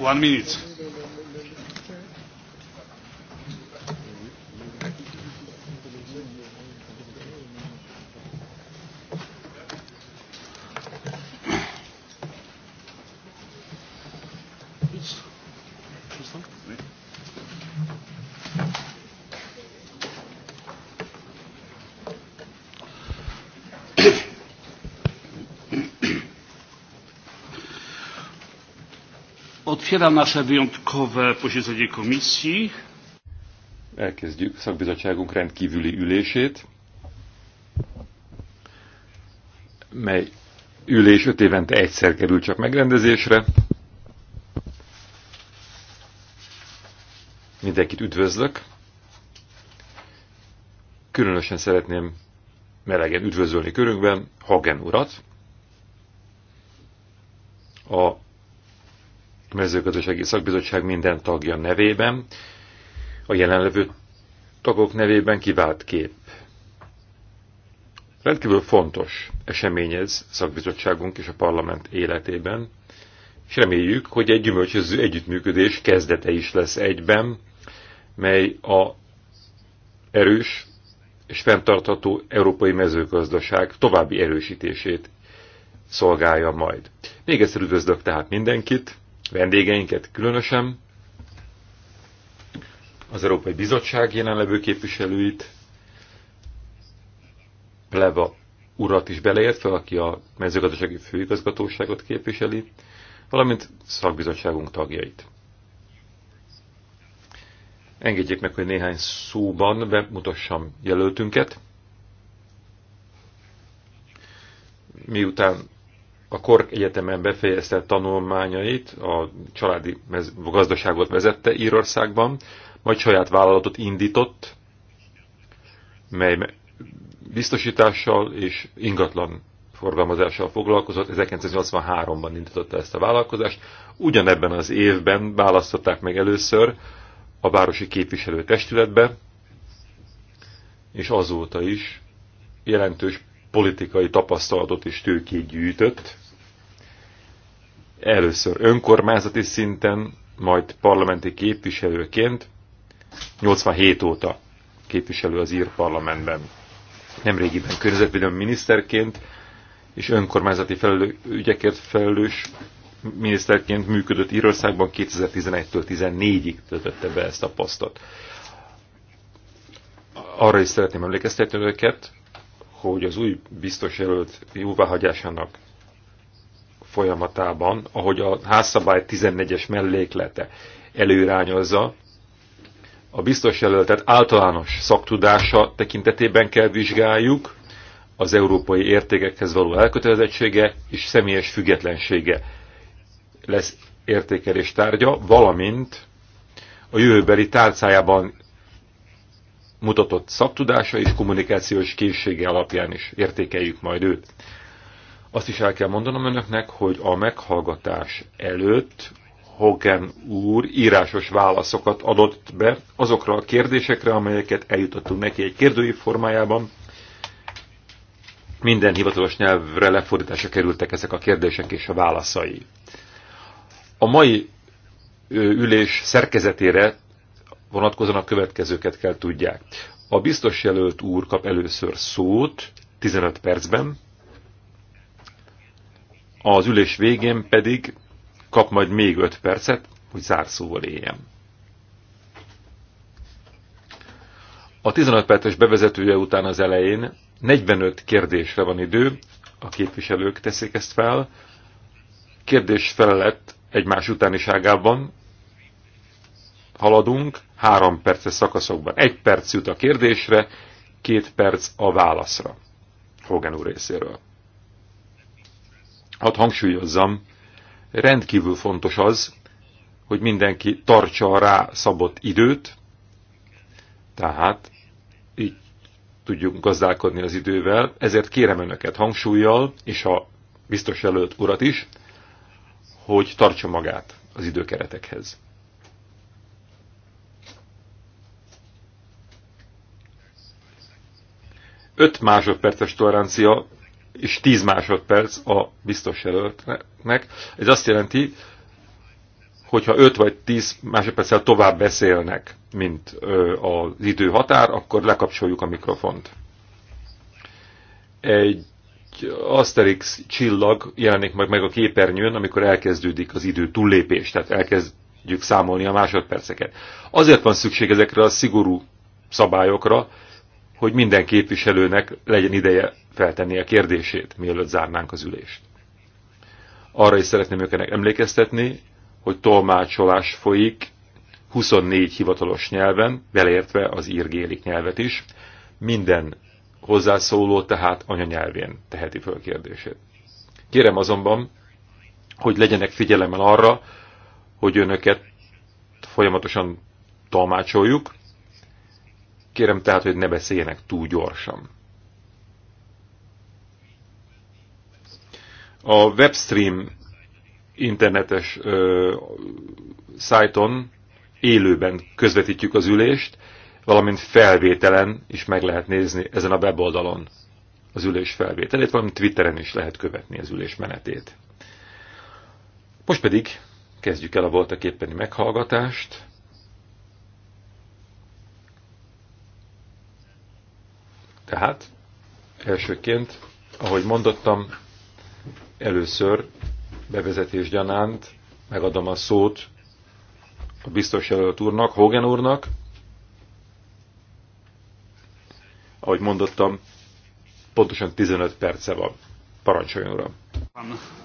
One minute. Otwieram nasze wyjątkowe posiedzenie komisji. Elkezdjük szakbizottságunk rendkívüli ülését, mely ülés öt évente egyszer kerül csak megrendezésre. Mindenkit üdvözlök. Különösen szeretném melegen üdvözölni körünkben Hagen urat, a mezőgazdasági szakbizottság minden tagja nevében, a jelenlevő tagok nevében kivált kép. Rendkívül fontos esemény ez szakbizottságunk és a parlament életében, és reméljük, hogy egy gyümölcsöző együttműködés kezdete is lesz egyben, mely a erős és fenntartható európai mezőgazdaság további erősítését szolgálja majd. Még egyszer üdvözlök tehát mindenkit, vendégeinket különösen, az Európai Bizottság jelenlevő képviselőit, Pleva urat is beleértve, aki a mezőgazdasági főigazgatóságot képviseli, valamint szakbizottságunk tagjait. Engedjék meg, hogy néhány szóban bemutassam jelöltünket. Miután a Kork Egyetemen befejezte tanulmányait, a családi gazdaságot vezette Írországban, majd saját vállalatot indított, mely biztosítással és ingatlan forgalmazással foglalkozott, 1983-ban indította ezt a vállalkozást. Ugyanebben az évben választották meg először a városi Testületbe, és azóta is jelentős politikai tapasztalatot és tőkét gyűjtött, először önkormányzati szinten, majd parlamenti képviselőként, 87 óta képviselő az ír parlamentben. Nemrégiben környezetvédelmi miniszterként és önkormányzati felelő, ügyekért felelős miniszterként működött Írországban 2011-től 2014 ig töltötte be ezt a posztot. Arra is szeretném emlékeztetni őket, hogy az új biztos jelölt jóváhagyásának folyamatában, ahogy a házszabály 14-es melléklete előirányozza, a biztos jelöltet általános szaktudása tekintetében kell vizsgáljuk, az európai értékekhez való elkötelezettsége és személyes függetlensége lesz értékelés tárgya, valamint a jövőbeli tárcájában mutatott szaktudása és kommunikációs készsége alapján is értékeljük majd őt. Azt is el kell mondanom önöknek, hogy a meghallgatás előtt Hogan úr írásos válaszokat adott be azokra a kérdésekre, amelyeket eljutottunk neki egy kérdői formájában. Minden hivatalos nyelvre lefordítása kerültek ezek a kérdések és a válaszai. A mai ülés szerkezetére vonatkozóan a következőket kell tudják. A biztos jelölt úr kap először szót 15 percben, az ülés végén pedig kap majd még öt percet, hogy zárszóval éljem. A 15 perces bevezetője után az elején 45 kérdésre van idő, a képviselők teszik ezt fel. Kérdés felett egymás utániságában haladunk, három perces szakaszokban. Egy perc jut a kérdésre, két perc a válaszra. Hogan úr részéről hadd hangsúlyozzam, rendkívül fontos az, hogy mindenki tartsa a rá szabott időt, tehát így tudjunk gazdálkodni az idővel, ezért kérem önöket hangsúlyjal, és a biztos jelölt urat is, hogy tartsa magát az időkeretekhez. Öt másodperces tolerancia és 10 másodperc a biztos jelöltnek. Ez azt jelenti, hogyha 5 vagy 10 másodperccel tovább beszélnek, mint az időhatár, akkor lekapcsoljuk a mikrofont. Egy Asterix csillag jelenik majd meg a képernyőn, amikor elkezdődik az idő túllépés, tehát elkezdjük számolni a másodperceket. Azért van szükség ezekre a szigorú szabályokra, hogy minden képviselőnek legyen ideje feltenni a kérdését, mielőtt zárnánk az ülést. Arra is szeretném őket emlékeztetni, hogy tolmácsolás folyik 24 hivatalos nyelven, beleértve az írgélik nyelvet is. Minden hozzászóló tehát anyanyelvén teheti föl kérdését. Kérem azonban, hogy legyenek figyelemmel arra, hogy önöket folyamatosan tolmácsoljuk. Kérem tehát, hogy ne beszéljenek túl gyorsan. A webstream internetes ö, szájton élőben közvetítjük az ülést, valamint felvételen is meg lehet nézni ezen a weboldalon az ülés felvételét, valamint Twitteren is lehet követni az ülés menetét. Most pedig kezdjük el a voltak éppeni meghallgatást. Tehát elsőként, ahogy mondottam, Először bevezetés gyanánt megadom a szót a biztos jelölt úrnak, Hogan úrnak. Ahogy mondottam, pontosan 15 perce van. Parancsoljon, uram!